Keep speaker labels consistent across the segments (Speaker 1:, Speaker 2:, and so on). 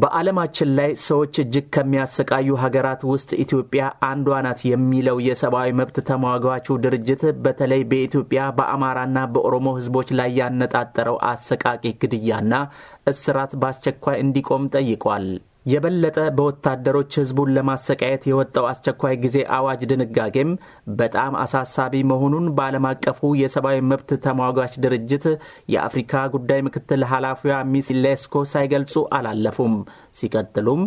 Speaker 1: በዓለማችን ላይ ሰዎች እጅግ ከሚያሰቃዩ ሀገራት ውስጥ ኢትዮጵያ አንዷ ናት የሚለው የሰብአዊ መብት ተሟጋቹ ድርጅት በተለይ በኢትዮጵያ በአማራና በኦሮሞ ሕዝቦች ላይ ያነጣጠረው አሰቃቂ ግድያና እስራት በአስቸኳይ እንዲቆም ጠይቋል። የበለጠ በወታደሮች ህዝቡን ለማሰቃየት የወጣው አስቸኳይ ጊዜ አዋጅ ድንጋጌም በጣም አሳሳቢ መሆኑን በዓለም አቀፉ የሰብአዊ መብት ተሟጋች ድርጅት የአፍሪካ ጉዳይ ምክትል ኃላፊዋ ሚስ ሌስኮ ሳይገልጹ አላለፉም። ሲቀጥሉም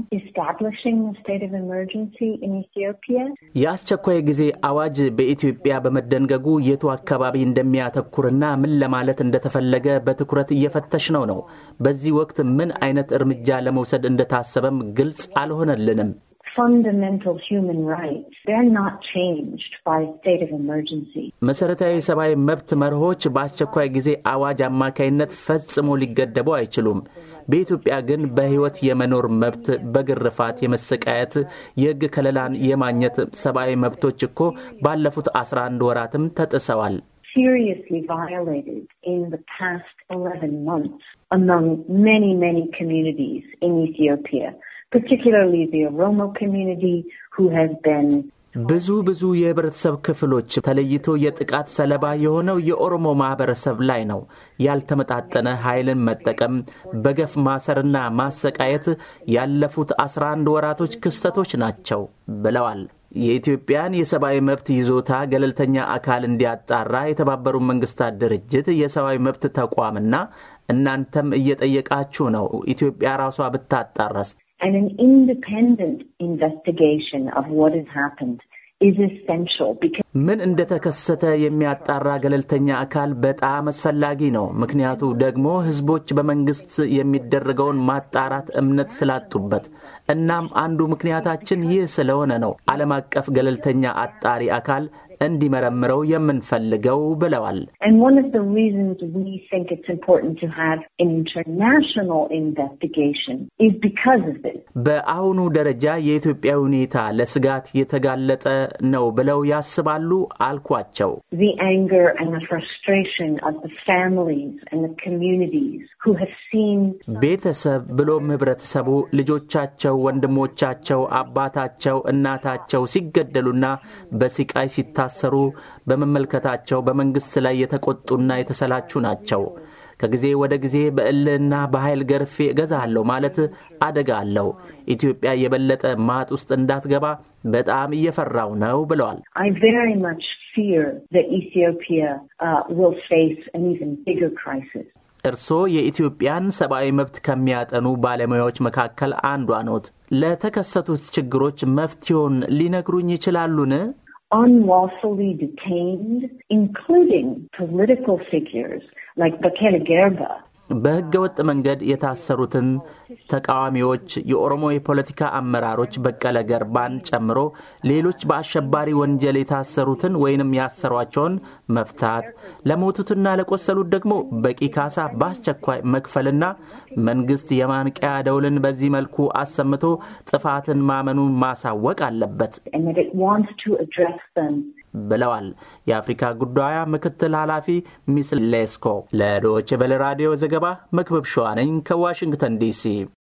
Speaker 1: የአስቸኳይ ጊዜ አዋጅ በኢትዮጵያ በመደንገጉ የቱ አካባቢ እንደሚያተኩርና ምን ለማለት እንደተፈለገ በትኩረት ነው ነው። በዚህ ወቅት ምን አይነት እርምጃ ለመውሰድ እንደታሰበም ግልጽ አልሆነልንም።
Speaker 2: fundamental human rights. They're not changed by state of emergency.
Speaker 1: መሰረታዊ የሰብአዊ መብት መርሆች በአስቸኳይ ጊዜ አዋጅ አማካይነት ፈጽሞ ሊገደቡ አይችሉም። በኢትዮጵያ ግን በሕይወት የመኖር መብት፣ በግርፋት የመሰቃየት፣ የሕግ ከለላን የማግኘት ሰብአዊ መብቶች እኮ ባለፉት 11 ወራትም ተጥሰዋል።
Speaker 2: seriously violated in the past 11 months among many, many communities in Ethiopia.
Speaker 1: ብዙ ብዙ የህብረተሰብ ክፍሎች ተለይቶ የጥቃት ሰለባ የሆነው የኦሮሞ ማህበረሰብ ላይ ነው። ያልተመጣጠነ ኃይልን መጠቀም፣ በገፍ ማሰርና ማሰቃየት ያለፉት 11 ወራቶች ክስተቶች ናቸው ብለዋል። የኢትዮጵያን የሰብአዊ መብት ይዞታ ገለልተኛ አካል እንዲያጣራ የተባበሩት መንግስታት ድርጅት የሰብአዊ መብት ተቋምና እናንተም እየጠየቃችሁ ነው። ኢትዮጵያ ራሷ ብታጣራስ? and an independent investigation of what has happened is essential because ምን እንደተከሰተ የሚያጣራ ገለልተኛ አካል በጣም አስፈላጊ ነው። ምክንያቱ ደግሞ ህዝቦች በመንግስት የሚደረገውን ማጣራት እምነት ስላጡበት፣ እናም አንዱ ምክንያታችን ይህ ስለሆነ ነው። ዓለም አቀፍ ገለልተኛ አጣሪ አካል እንዲመረምረው የምንፈልገው ብለዋል። በአሁኑ ደረጃ የኢትዮጵያ ሁኔታ ለስጋት የተጋለጠ ነው ብለው ያስባሉ አልኳቸው። ቤተሰብ ብሎም ህብረተሰቡ ልጆቻቸው፣ ወንድሞቻቸው፣ አባታቸው፣ እናታቸው ሲገደሉና በስቃይ ሲታ እንደታሰሩ በመመልከታቸው በመንግሥት ላይ የተቆጡና የተሰላቹ ናቸው። ከጊዜ ወደ ጊዜ በእልህና በኃይል ገርፌ እገዛለሁ ማለት አደጋ አለው። ኢትዮጵያ የበለጠ ማጥ ውስጥ እንዳትገባ በጣም እየፈራው ነው ብለዋል። uh, እርስዎ የኢትዮጵያን ሰብአዊ መብት ከሚያጠኑ ባለሙያዎች መካከል አንዷ ኖት። ለተከሰቱት ችግሮች መፍትሄውን ሊነግሩኝ ይችላሉን?
Speaker 2: unlawfully detained, including political figures like Bakele Gerba,
Speaker 1: በሕገ ወጥ መንገድ የታሰሩትን ተቃዋሚዎች የኦሮሞ የፖለቲካ አመራሮች በቀለ ገርባን ጨምሮ ሌሎች በአሸባሪ ወንጀል የታሰሩትን ወይንም ያሰሯቸውን መፍታት፣ ለሞቱትና ለቆሰሉት ደግሞ በቂ ካሳ በአስቸኳይ መክፈልና መንግስት የማንቂያ ደውልን በዚህ መልኩ አሰምቶ ጥፋትን ማመኑን ማሳወቅ አለበት። ብለዋል። የአፍሪካ ጉዳያ ምክትል ኃላፊ ሚስ ሌስኮ። ለዶይቼ ራዲዮ ዘገባ መክበብ ሸዋነኝ ከዋሽንግተን ዲሲ